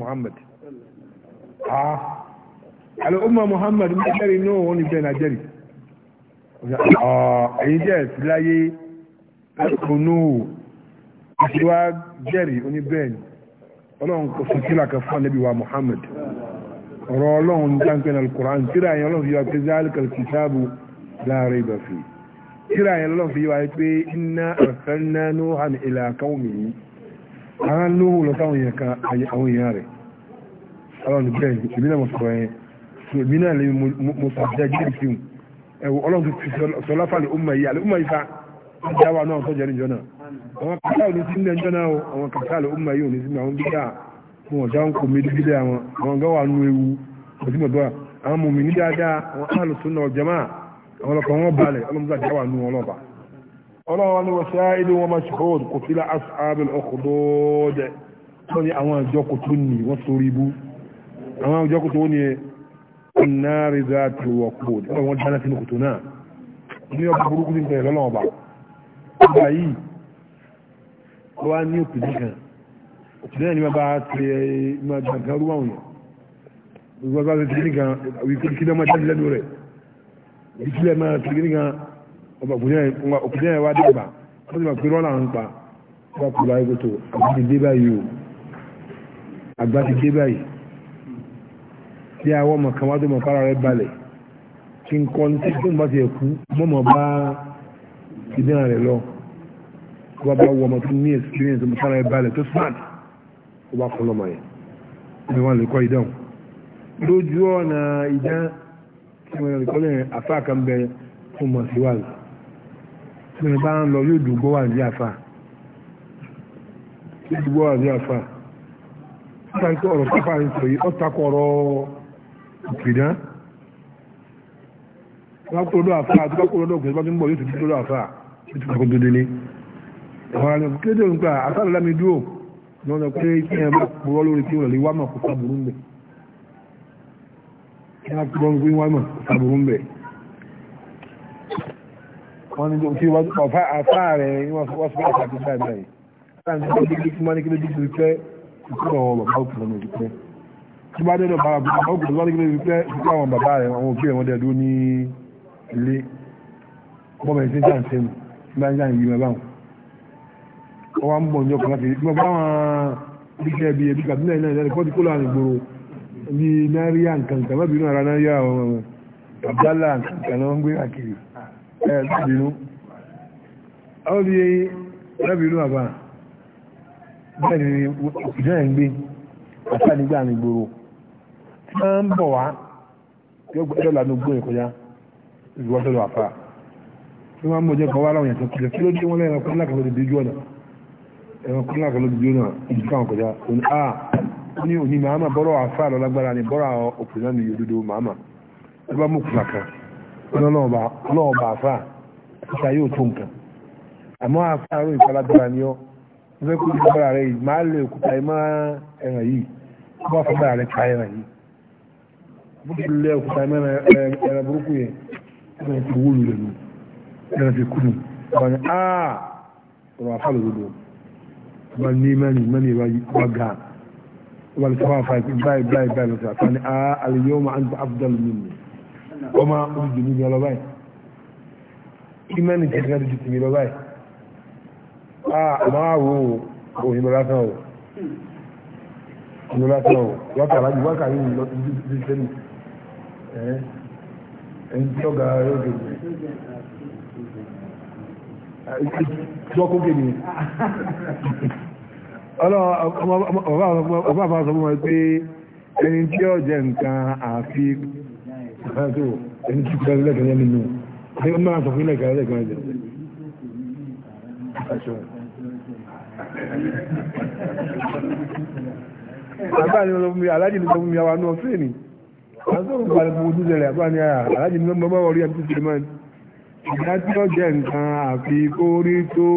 Muhammad al'umma Muhammad ní ẹlẹ́rìí náà wọ́n ní bẹ́ẹ̀ nàìjẹ́rì ẹ̀yìn jẹ́ ìsìláyé ẹ̀kùnú ìṣíwá jẹ́rì oníbẹ̀ẹ̀ni ọlọ́run kò sọ sílà kan fún Ànábì wa Muhammad ọ̀rọ̀ ọlọ́run ní táǹkì náà alukur'an tíra yẹn ọlọ́run fi wá pé zalikal kitabu la rayba fi tíra yẹn ọlọ́run fi wá pé inna arsalna nuhan ila qaumihi àwọn lóhùn lọ sáwọn èèyàn kan àwọn èèyàn rẹ̀ ọlọ́run bẹ́ẹ̀ ni èmi náà mo sọ̀rọ̀ yẹn èmi náà lè mo sàbíyá jíjì sí mu ẹ̀wọ̀ ọlọ́run fi sọlá fàlẹ̀ ọmọ yìí àlẹ́ ọmọ yìí fa ọjà wa náà tọ́jà níjọ náà náà àwọn kàtà wọn ọ̀dá ń kò mí dídí àwọn àwọn gáwà nú ewu òtí mọ̀ dọ́wà àwọn mọ̀mí ní dáadáa àwọn àlù súnà ọ̀jẹ̀má àwọn ọlọ́kọ̀ wọn balẹ̀ ọlọ́mọdé àti àwọn nú ọlọ́ba. ọlọ́wọ́ ni wọ́n ṣáá ilé wọn máa ṣòro kò sí la asábẹ̀ ọkọ̀dọ́dẹ wọ́n ní àwọn àjọ kò tó nì wọ́n sórí ibú àwọn àjọ kò tó ní ọ̀nàrí dáàtì wọ̀kọ̀ wọ́n dáná sínú kòtò náà ní wọ́n ní òpìlẹ̀ bẹ́ẹ̀ ni ma bá tẹ ma gbàgbà rú àwọn yẹn wọ́n bá bẹ tẹ̀lé nìkan wípé kí lọ́mọ tẹ̀lé lẹ́nu rẹ̀ ìtúlẹ̀ ma tẹ̀lé nìkan ọba òkùnjẹ́ yẹn wá dàgbà wọ́n ti ma pé dé báyìí o àgbà ti dé báyìí tó mọ fara rẹ balẹ̀ kí n kọ́ ní tí tó ń bá ti ẹ̀kú mọ́ mọ́ bá ìdíhàn rẹ̀ lọ wọ́n bá wọ ọmọ tó ní experience ọmọ fara rẹ balẹ̀ tó smart tó bá fún lọ́mọ yẹn ni wọ́n lè kọ́ idán lójú ọ̀nà idán tí wọ́n lè kọ́ lẹ́yìn àfáà kan bẹ fún mọ̀ sí wàlù tí wọ́n bá ń lọ yóò dùgbọ́ wà ní àfáà yóò dùgbọ́ wà ní àfáà sáńtọ́ ọ̀rọ̀ sáfà ń sọ yìí ọ́tàkọ̀ ọ̀rọ̀ ìpìdán lákòlódó àfà àti lákòlódó òkè ìbájú ń bọ̀ yóò ti dúró àfà yóò ti kàkó dúdú ní ọ̀rọ̀ àlẹ́ òkè tó ń gbà àtàlẹ́ wọ́n lọ pé kí ẹ bá pọ̀ lórí tí wọ́n lè wá mọ̀ kó sábùrú ń bẹ̀ kí á pọ̀ lórí wá mọ̀ kó sábùrú ń bẹ̀ wọ́n ní tí ọ̀fà àfà rẹ̀ wọ́n sọ fún àfà tó sáà báyìí sáà ní ọdún tó máa ní kí ló dé ti pẹ́ ìkúrọ̀ àwọn bàbá òkú lọ́nà ti pẹ́ tí bá dé lọ bàbá òkú lọ́nà kí ló ti pẹ́ ìkúrọ̀ àwọn bàbá rẹ̀ àwọn òbí rẹ̀ wọ́n dẹ̀ dúró ní ilé bọ́mọ̀ ìsìn sáà ń sẹ́nu bá ń sáà ń yí mọ́ báwọn wọ́n ń bọ̀ ní ọkọ̀ láti gbọ́ bá wọn bíkẹ́ bí ebi kàdúnà iná ìdáni kọ́tí kólà ní gbòòrò ní náírà nǹkan nǹkan má bínú ara náírà ọmọ abdala nǹkan náà ń gbé àkiri ẹ bínú ọ bí ẹ bínú àbá bẹ́ẹ̀ ni ìjọ ẹ̀ ń gbé àti àdígbà ní gbòòrò tí wọ́n ń bọ̀ wá yóò gbọ́dọ̀ lànà gbóyè kọjá ìwọ́sọ̀rọ̀ àfà tí wọ́n mọ̀ jẹ́ kọ́ wá láwọn yàtọ̀ kìlọ̀ kí ẹ̀wọ̀n kọ́lá kan lójú jóná ìdíkà wọn kọjá òní a ah! ní òní màmá bọ́rọ̀ àfáà lọ lágbára ni bọ́rọ̀ òkè náà ní òdodo màmá ẹ bá mú kùlà kan ọ̀nà lọ́ọ̀bà àfáà ìta yóò tó nǹkan àmọ́ àfáà rò ìpalágbára ni ọ́ mo fẹ́ kó ní bọ́rọ̀ rẹ yìí máa lè òkúta ẹ má ẹ̀ràn yìí kó bá fọ́ bọ́rọ̀ rẹ ká ẹ̀ràn yìí bó ti lé òkúta ẹ má ẹ̀ràn burúkú yẹn ẹ̀ràn ti wó lulẹ̀ nù ẹ̀ràn ti kú ah! ọ̀rọ̀ ba ni mani mani ba ga wal kafafa bai bai bai na ta ni a al yawma anta afdal minni kuma urdu ni ga labai imani ta ga da timi labai a ma wo ko ni ba ta wo ni ba ta wo wa ka raji wa ka ni ni ni eh en to ga yo ke jọ kókè ní ọba àfáà sọ fún wọn pé ẹni tí ó jẹ nǹkan àfi ẹ̀ẹ́dọ̀ ẹni tí kúrẹ́ lẹ́kẹ̀ẹ́ yẹn nínú ẹni tí ó máa sọ fún lẹ́kẹ̀ẹ́ lẹ́kẹ̀ẹ́ jẹ àbáà ni ọlọ́fún mi àwọn ọ̀fẹ́ ni àwọn ọ̀fẹ́ ni ẹ̀dá tí ó jẹ́ nǹkan àfi kó rí tó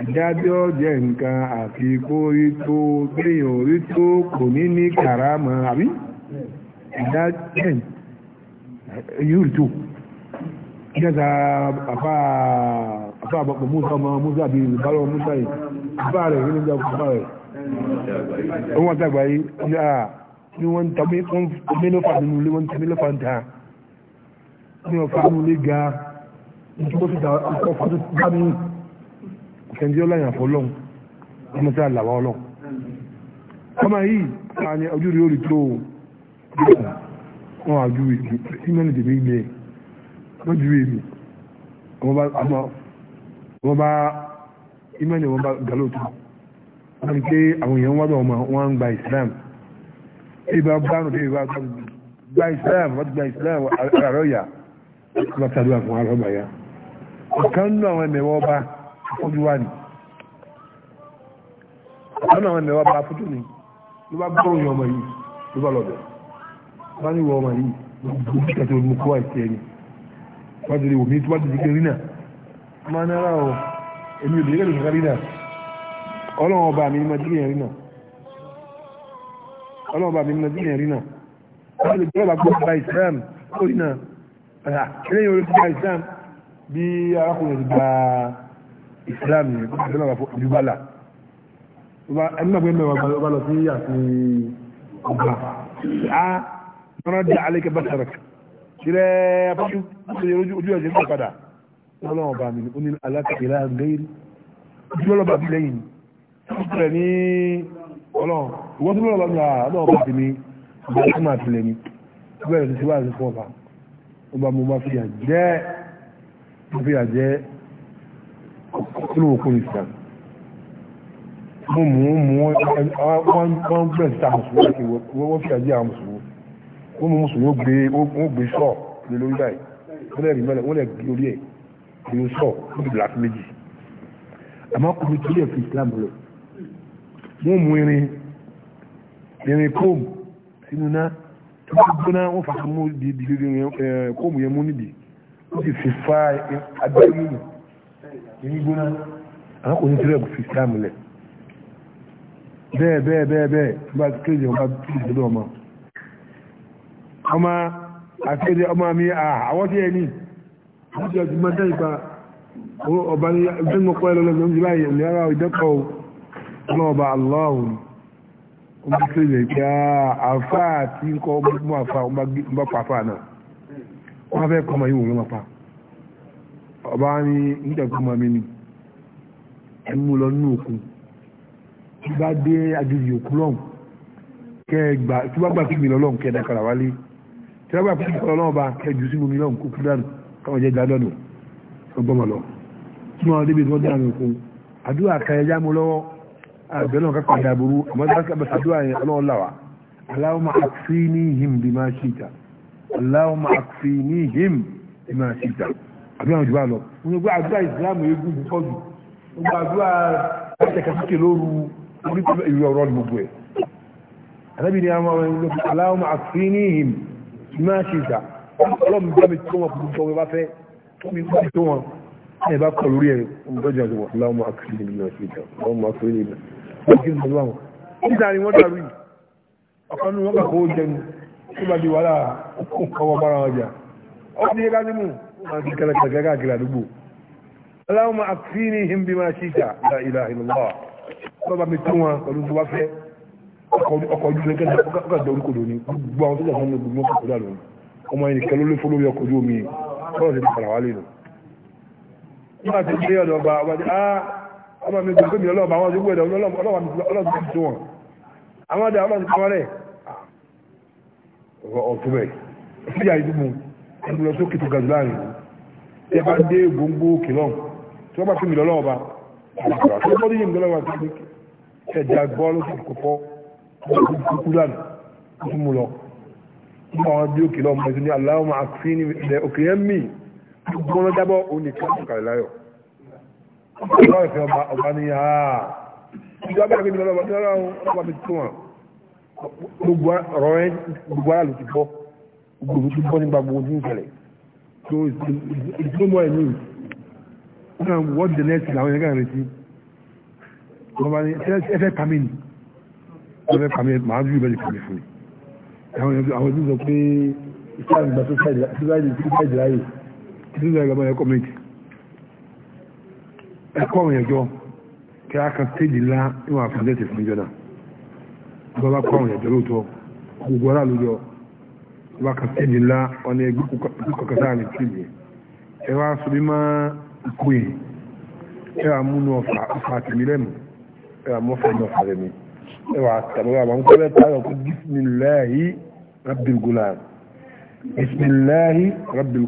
ẹ̀dá tí ó jẹ́ nǹkan àfi kó rí tó gbéyàn rí tó kò ní ní kàrámà àbí ẹ̀dá jẹ́ yìí tó jẹ́ta àfá àpapọ̀ Musa ọmọ Musa bí ìbálọ̀ Musa yìí àfá rẹ̀ nínú ìjà àfá rẹ̀ ah, wọ́n wọ́n tàgbà yìí ní wọ́n tàbí wọ́n tàbí lọ́fà nínú ilé wọ́n tàbí lọ́fà ń ta ní ọ̀fà ní ilé ga nítorí síta ọ̀fà tó bá ní a làwà ọlọ́n ọmọ yìí ta ni ojú rí orí tó wọn àjú ìmọ̀lì tèmi ilé wọ́n ju èmi wọ́n bá ìmọ̀lì wọn bá galóòtú wọ́n rí pé àwọn èèyàn wá bá wọn gba Islam ìbá bá rùn tó ìbá Islam wọ́n ti gba Islam àrà rẹ̀ látàrí àwọn arọ́bà ya ọ̀kan nínú àwọn ẹ̀mẹ̀wọ́ ọba afọ́jú wà ní ọ̀kan nínú àwọn ẹ̀mẹ̀wọ́ ọba afọ́jú ni ló bá gbọ́ òyìn ọmọ yìí ló bá lọ́dọ̀ bá ní wọ ọmọ yìí ló bí kàtó mú kó àìsí ẹni wọ́n ti lè wò mí tó ti dìgbé rínà máa nára o èmi ò lè rẹ̀ lọ́sọ̀rọ̀ rínà ọlọ́run ọba mi máa dìgbé rínà ọlọ́run ọba mi máa dìgbé rínà wọ́n lè gbọ́ eléyìí orí gba islam bí arákùnrin gba islam yẹn kó àti lọ́wọ́ àdúgbàlà ẹni náà gbé mẹ́wàá ọba lọ sí àti ọba a mọ́nà dé alẹ́kẹ́ bá sọ̀rọ̀ kìrẹ́ apáṣú ojú ẹ̀jẹ̀ ń padà ọlọ́wọ́ bá mi ó ní alákàkìlá gẹ́rì ojú ọlọ́ba mi lẹ́yìn ọ̀pẹ̀rẹ̀ ní ọlọ́run ìwọ́n tó lọ́wọ́ mi ọlọ́wọ́ bá mi ìgbà tó máa tilẹ̀ mi ni tí wàá sí fún ó bá mo bá fi àjẹ́ mo fi àjẹ́ olówó kún ìsàn mo mú mú wọ́n gbẹ̀ sí àwọn mùsùlùmí wọ́n fi àjẹ́ àwọn mùsùlùmí wọ́n mú mùsùlùmí wọ́n gbé sọ̀ lé lórí báyìí wọ́n lè rí mẹ́lẹ̀ wọ́n lè gbé orí ẹ̀ lè sọ̀ wọ́n bìlà sí méjì àmọ́ kùnú tí yẹ fi Islam lọ wọ́n mú irin irin kóòmù sínú náà tó bá gbóná wọ́n fàtà mú di ìdílé eh, kóòmù yẹn mú níbi ó sì fi fa agbáyé nù èyí gbóná àwọn kò ní tirẹ̀ fi sílámù lẹ̀ bẹ́ẹ̀ bẹ́ẹ̀ bẹ́ẹ̀ bẹ́ẹ̀ tó bá kéde ọba tó ti dọ́dọ̀ ọmọ ọmọ àkéde ọmọ mi àwọn tí ẹ ní wọ́n ti ọtí máa dá ìpa ọba ní ẹgbẹ́ mọ́kọ́ ẹ lọ́lọ́ ọmọ tó lè gbá àfáà tí ń kọ́ mú àfáà ọmọ pa àfáà náà wọ́n fẹ́ kọ́ ọmọ yìí wọ́n pa ọba ní nígbàgbọ́ ọmọ mi ni ẹ mú lọ nínú òkun tí bá dé agbègbè òkun lọ́hùn kẹ gbà tí wọ́n gbà pé mi lọ́lọ́hùn kẹ dákàrà wálé tí wọ́n gbà pé mi lọ́lọ́hùn ọba kẹ jù sínú mi lọ́hùn kó kú dànù káwọn jẹ́ gbádọ́nù ọgbọ́n mọ̀ lọ tí wọ́n débi tí wọ́n dànù òkun àdúrà kẹrẹ já mú àbẹ̀lọ́ kankan dàbúrú àmọ́ dákà bẹ̀ sàdúrà yẹn ọlọ́run làwà Allahumma akfinihim bima shi'ta Allahumma akfinihim bima shi'ta àbẹ̀lọ́ jù bá lọ. mi tó wọn kò tó wọn bá fẹ́ tó mi tó wọn ẹ̀ bá kọ lórí ẹ̀ ọmọ ọjọ́ àti wọn Allahumma akfinihim bima shi'ta Allahumma akfinihim wọ́n kí n pẹ̀lú àwọn níta ni wọ́n dàrú yìí ọ̀kan nínú wọn kà kó jẹnu tó bá di wàhálà ọwọ́ bára wọn jà ọ ti yẹ ká nímú wọn ti kẹlẹ kẹlẹ káàkiri àdúgbò aláwọn máa fi himbi máa ṣí ìjà la ilaha illallah wọn bá mi tún wọn pẹ̀lú tó bá fẹ́ ọkọ̀ ojú ni kẹ́ni ọkọ̀ ọmọ mi gbogbo mi ọlọ́ọ̀bà àwọn ọdún ẹ̀dọ̀ ọlọ́ọ̀bà mi ọlọ́ọ̀bà mi tó wọn àwọn ọdẹ ọlọ́ọ̀bà mi kọ́ rẹ̀ ọ̀tún bẹ̀ fíjà ìdúgbò ẹgbẹ́ sókè tó gàdúrà rẹ̀ ẹ bá dé gbogbo kìlọ̀ tí wọ́n bá fi mi lọ́lọ́ọ̀bà àtọ́gbọ́dé yìí mi lọ́lọ́ọ̀bà tó ní ẹ̀dá bọ́ọ̀lù tó kọ́kọ́ kúkú lánàá tó mú lọ nígbà wọn dé òkè lọ́mọ ẹ̀sìn ní aláwọ̀ máa fi ní ilẹ̀ òkè yẹn mí gbọ́n dábọ̀ òní kí wọ́n kàlẹ́ ọlọ́run ìfẹ́ ọba ní àá ìjọba bẹ́ẹ̀ gbẹ́gbẹ́ lọ́wọ́ ọlọ́run ọba mi tún wọn gbogbo ọ̀rọ̀ rẹ gbogbo ara ló ti bọ́ gbogbo ló ti bọ́ nípa gbogbo ojú ìṣẹ̀lẹ̀ so ìdúró mọ́ ẹ̀mí wọn náà wọ́n di nẹ́ẹ̀sì làwọn yẹn kàn retí wọ́n bá ní ẹ fẹ́ kàmí ni ẹ fẹ́ kàmí màá ju ìbẹ́lẹ̀ kàmí fún mi àwọn ẹ̀dùn sọ pé ìṣẹ́ àgbà tó sáìdì láàyè tó sáìdì láàyè tó sáìdì láàyè kọ́mẹ́ntì ẹ̀kọ́ òun ẹ̀jọ́ kí a kan stéèjì ńlá níwọ̀n àfẹ́lẹ́sì fún ìjọ náà bọ́ bá kọ́ òun ẹ̀jọ́ lóòótọ́ gbogbo ọ̀rá lójọ bá kan stéèjì ńlá wọn ni ẹgbẹ́ kọ̀ọ̀kan sáà ní stéèjì ẹ wá sọ bí má ikú yìí ẹ wà múnú ọ̀fà ọ̀fà àtẹ̀mí lẹ́nu ẹ wà mọ́fà ní ọ̀fà lẹ́nu ẹ wà tàbí wà máa ń kọ́ lẹ́ta ọ̀kú rabbil gulam bísímìláì rabbil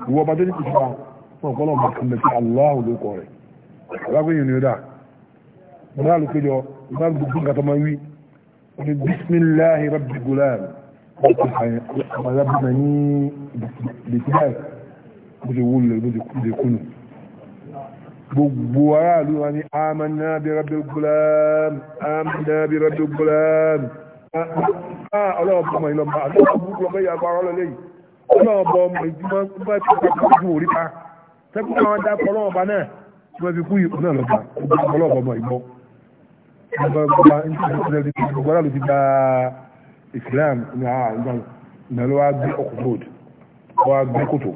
alágbèyàn ni ó dà bọ́lá àlùkójọ bọ́lá gbogbo nǹkan tó máa ń wí ní bisimilahi rabbi gulam àbàlá bímọ ní bìtìláì bó ti wúlò bó ti kúnnù gbogbo aráàlú wa ní amanna bi rabbi gulam amanna bi rabbi gulam ọlọ́ọ̀bọ̀ ọmọ ìlọ́ba àtọ́kọ̀ burúkú lọ́bẹ̀ yà bá ọlọ́lẹ̀ yìí ọlọ́ọ̀bọ̀ ọmọ ìjùmọ̀ bá ti kọ́kọ́ ju òríta tẹ́kùn àwọn dákọ̀ ọlọ́ọ̀bá náà tí wọ́n fi kú yìí náà lọ́gbà ọlọ́ọ̀bọ̀ ọmọ ìgbọ́ gbogbo aláàlú ti gba Islam ìgbàlọ́ wa gbé ọkọ̀ road wa gbé kòtò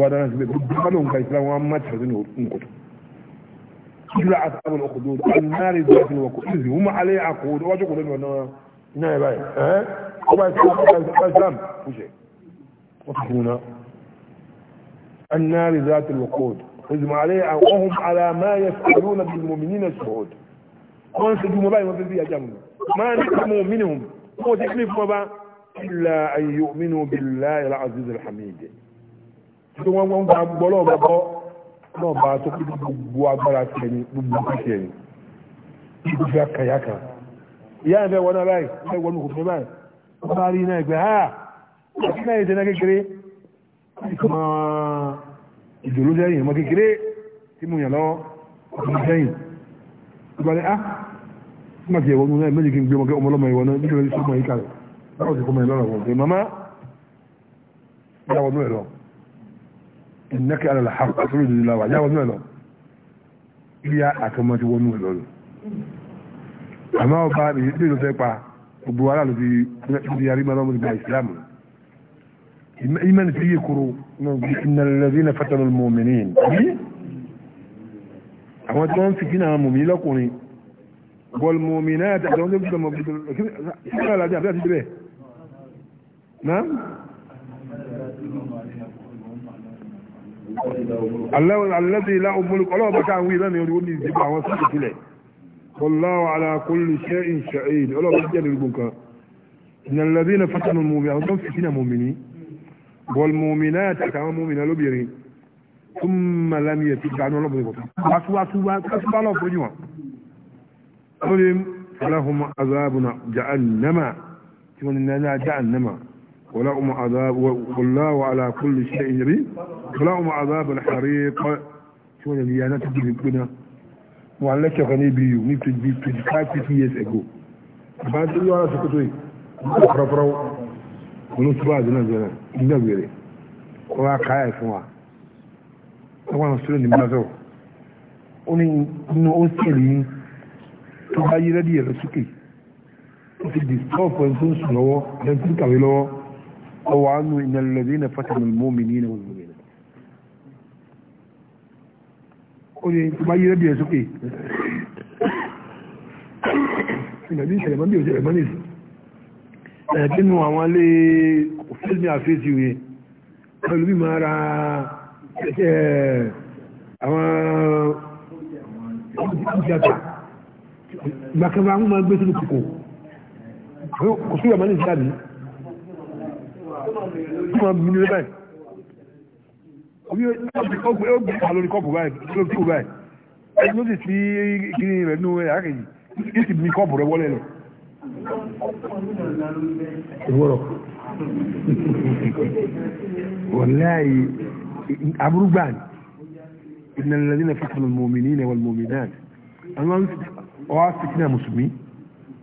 wa dáná síbẹ̀ gbogbo aláàlú gba Islam wa má tẹ̀lé ní òkun kòtò ìdúrà àtàwọn ọkọ̀ road anáàrí ìdúrà sínú ọkọ̀ ìdúrà wọ́n máa alẹ́ àkọ́ wájú kò lónìí ọ̀nà iná ẹ̀ báyìí ẹ̀ ọba Islam fúnṣẹ̀ wọ́n ti fún un náà anáàrí ìdúrà sínú ọkọ̀ road ìjùmọ̀ àlẹ́ àwọn alámáyẹ fàlú na bíi mọ̀mí nínú ṣùgbọ́n wọ́n ṣe jùmọ̀ báyìí wọ́n fi bí ajá mu máa ní kí mọ̀ mínú mọ̀ ti kílì fún ọba ilà ayò mínú bìlá ìlà aziz alhamid tí wọ́n wọ́n gba gbọ́lọ́ ọba bọ́ náà bá tó kí gbogbo agbára tiẹ̀ ní gbogbo kìkì ẹ̀ ní ibi fi akàyà kan ìyá ìfẹ́ wọn náà báyìí ìfẹ́ wọn kò fẹ́ báyìí wọ́n bá rí iná ìgbẹ́ ha àti náà ìdẹ́nà kékeré ìdòló jẹ́yìn ọmọ kékeré tí mo yàn lọ́wọ́ ọmọ jẹ́yìn tó bá ah, dé á tí màá ti ẹ̀wọ́ nínú ẹ̀ méjì kí n gbé ọmọ ọlọ́mọ ìwọ náà nítorí tí sọ́mọ ìka rẹ̀ báwo ti kọ́mọ ìlọ́rọ̀ wọ̀ pé màmá yàwọ̀ nú ẹ̀ lọ ìnákẹ́ alàlà ha àtúrò ìdílé la wà yàwọ̀ nú ẹ̀ lọ ìyá àtọmọ ti إيمان في يكرو إن الذين فتنوا المؤمنين àwọn tí wọ́n fi kí náà mùmí lọ́kùnrin bọ́ọ̀lùmùmí náà àti àwọn olóògbé ọmọ ìgbìmọ̀ alájá àbí àti bẹ́ẹ̀ náà aláwọ̀lẹ́dẹ̀ ilá omúlù ọlọ́ọ̀bá káà ń wí lọ́nà orí omi ìdìbò àwọn sí ìpìlẹ̀ wallahu ala kulli shay'in shahid ọlọ́ọ̀bá jẹ́ lórí gbọ̀ngàn ìnàlẹ́dẹ̀ ilẹ̀ fátánù mùmí àwọn tó ń fi kí náà mùmí ní والمؤمنات كما مؤمنة لبيرين ثم لم يتب عنه الله بيقول واسوا سوا سوا الله بيجوا قولهم فلهم عذاب جهنم كما لنا جهنم ولهم عذاب والله على كل شيء يبي ولهم عذاب الحريق كما لنا تجربنا وعلى كغني بيو نيتج بي 25 years ago بعد يوم سكتوي فرفرو ونصبع دنا زمان nígbà wèrè kó wá káyà fún wa wọ́n wọ́n sọ́rọ̀ nígbà sọ̀rọ̀ ó ní inú ó sẹ̀lì yín tó bá yí rẹ́dí ẹ̀rọ sókè ó ti di stọ́ọ̀pù ẹni tó ń sùn lọ́wọ́ ẹni tó ń kàwé lọ́wọ́ ọwọ́ àánú ìnàlẹ́bí ní fátàmì mọ́mì ní ìnáwó ìgbòmí ó ní tó bá yí rẹ́dí ẹ̀rọ sókè ìnàlẹ́bí ìṣẹ̀lẹ̀ mọ́ bí òṣèlè mọ́ nìyí ẹ̀dínú eh, àwọn ilé fílmì àfíìsì rẹ̀ pẹ̀lú bí máa ra eh, àwọn ìjàgbà gbàkẹ́bà ń máa gbé sínú kòkò kò sí ìyàmọ́ ní ìjáde fún ọmọ mi ní báyìí ó gbé ìpà lórí kọ́pù báyìí lórí kọ́pù báyìí ẹni ló sì sí kiri rẹ̀ nínú ẹ̀yà kejì ní ti mi kọ́pù rẹ̀ wọlé lọ ìwọ́rọ̀ wàláyé àbúrúgbà ìnàlẹ́lẹ́ na fífún mọ̀mìnì na wàlmọ̀mìnàn àwọn ọwá fìtínà musulmi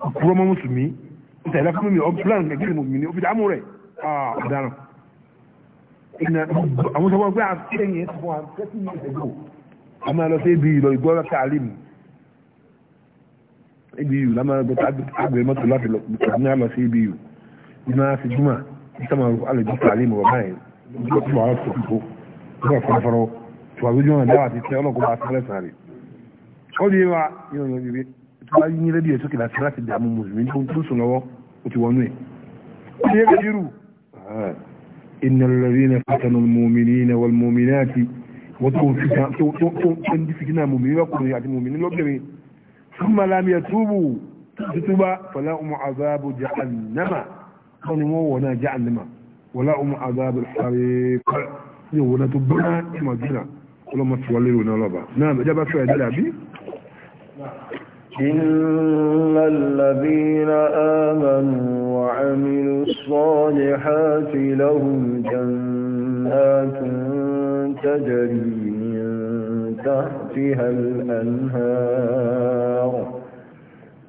ọkùrọmọ musulmi ìtàlá fún mi ọ̀pùlán gẹ̀gẹ̀rẹ̀ mọ̀mìnì ó fi dámú rẹ̀ ọ̀daràn àwọn sọ wọ́n pé ibu lama agbe mọ́tò láti lọ ní àlọ́ sí ibu iná sí júmọ̀ ìsàmà alẹ́jú tààlé mọ̀ báyìí lọ́pọ̀ tó àwọn tó kò lọ́pọ̀ fọ́nfọ́rọ́ tó wà lójú ọ̀nà dáwà ti tẹ́ ọlọ́kọ̀ bá sálẹ̀ sáré ó di wa yóò yọ ibi tó bá yín rédíò sókè láti láti dààmú mùsùlùmí tó sùn lọ́wọ́ ó ti wọnú ẹ̀ ó di ẹgbẹ́ irú إن الذين فتنوا المؤمنين والمؤمنات وتوفينا مؤمنين وقلوا يعني مؤمنين وقلوا ثم لم يتوبوا تتوبا فلا أم عذاب جهنم قنموا ونا جهنم ولا أم عذاب الحريق يونا تبنا إما دينا ولما تولينا لبا نعم جاب سؤال دلابي إن الذين آمنوا وعملوا الصالحات لهم جنات تجري تحتها الأنهار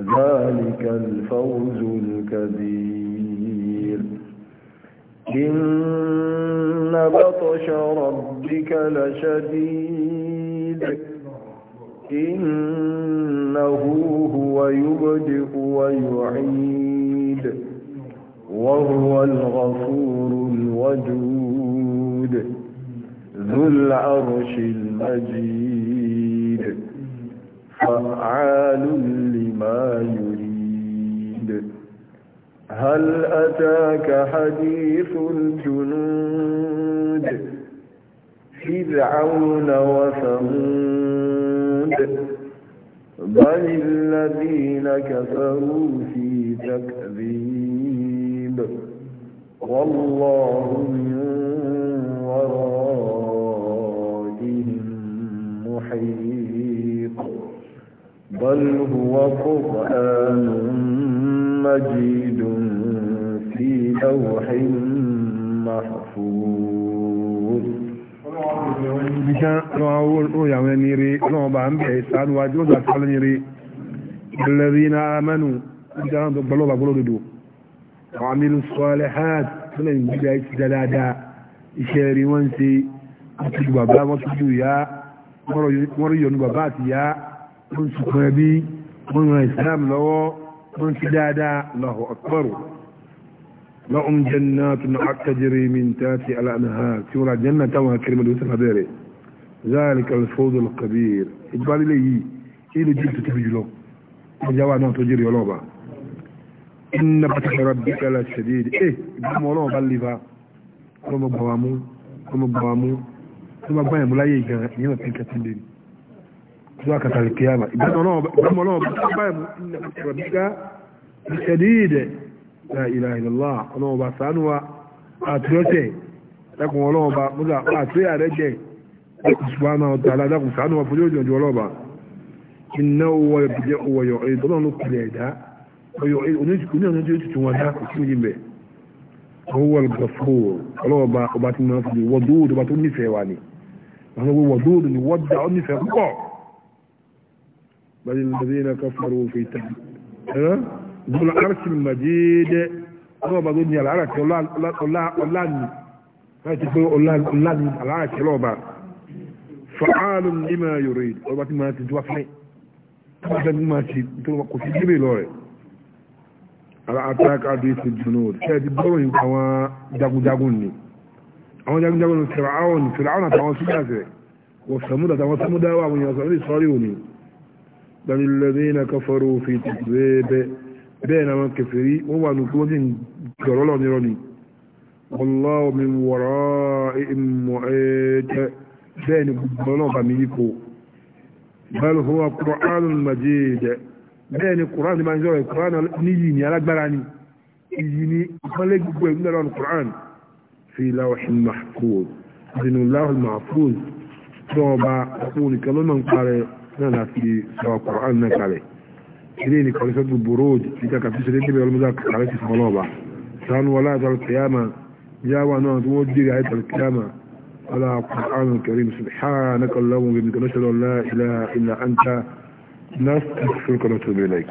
ذلك الفوز الكبير إن بطش ربك لشديد إنه هو يبدئ ويعيد وهو الغفور الودود ذو العرش المجيد فعال لما يريد هل أتاك حديث الجنود فرعون وثمود بل الذين كفروا في تكذيب والله من ورائهم محيط بل هو قرآن مجيد في لوح محفوظ الذين آمنوا وعملوا الصالحات فلن بدأت دلادا إشاري وانسي أتجوا بابا وصجوا يا مريون بابات يا wọ́n ti kọ́ ẹbí wọ́n ran islam lọ́wọ́ wọ́n ti dáadáa Allahu akbar lahum jannatun tajri min tahtiha al-anhar tí wọ́n ra jẹ́nà táwọn akérèmọ́ ló sábà bẹ̀rẹ̀ zalika al-fawz al-kabir ìgbàlélẹ̀ yìí kí ló jẹ́ tuntun jùlọ wọ́n jáwá náà tó jẹ́rìí ọlọ́ọ̀bà inna bataka rabbika la shadid eh ìgbàmọ́ ọlọ́ọ̀bá lè fa سواك القيامة إبن الله بطبعهم إنك ربك بشديد لا إله إلا الله الله بسانوا أتوتي لكم الله بمزا أتوي أرجي سبحانه وتعالى لكم سانوا فجوجا جولوبا إنه هو يبدع ويعيد الله نقل يدا ويعيد ونجد كنا نجد توانا كم جنبه هو الغفور الله بأتنا ودود وبأتنا فيواني وهو ودود ودع نفسه بل الذين كفروا في تحت ذو العرش المجيد ọlọ́wọ́ bá lóní àlàáràkẹ́ ọláàní láti pé ọláàní àlàáràkẹ́ lọ́ọ̀bá fa'alun lima yurid ọba tí máa ti jọ fún ẹ̀ tí máa ti tó kò sí gbé lọ rẹ̀ aláàtàkà dé sí jùlọ tẹ́ ti bọ́rọ̀ yìí àwọn jagunjagun ni àwọn jagunjagun ni fìràáwọn fìràáwọn àtàwọn sílẹ̀ àti rẹ̀ wọ́n sàmúdà àtàwọn sàmúdà wà àwọn èèyàn sọ̀rọ̀ بل الذين كفروا في تكذيب بين من كفري وهو نقود جرلا نرني والله من ورائهم معيت بين بلوغ ميكو بل هو قرآن مجيد بين قرآن ما نزل القرآن نيجيني على براني يجيني خلق بقول القرآن في لوح محفوظ دين الله المحفوظ توبة أقول كلمة قال náà láti sọ Kùránì náà kalẹ̀ ilé ní kọ̀lẹ́sẹ̀ tó burú ìta kàfi ṣe déédéé bẹ̀rẹ̀ lọ́mọdé kàlẹ́ ti fún ọlọ́ọ̀bá sanu wọlé àtàlù kìyàmà yáwà náà tó wọ́n jìrì àtàlù kìyàmà wọlé Kùránì Karim subhanaka Allahumma bẹ̀rẹ̀ kọ́lẹ́ sọ̀rọ̀ la ilaha illa anta nastaghfiruka wa natubu ilayk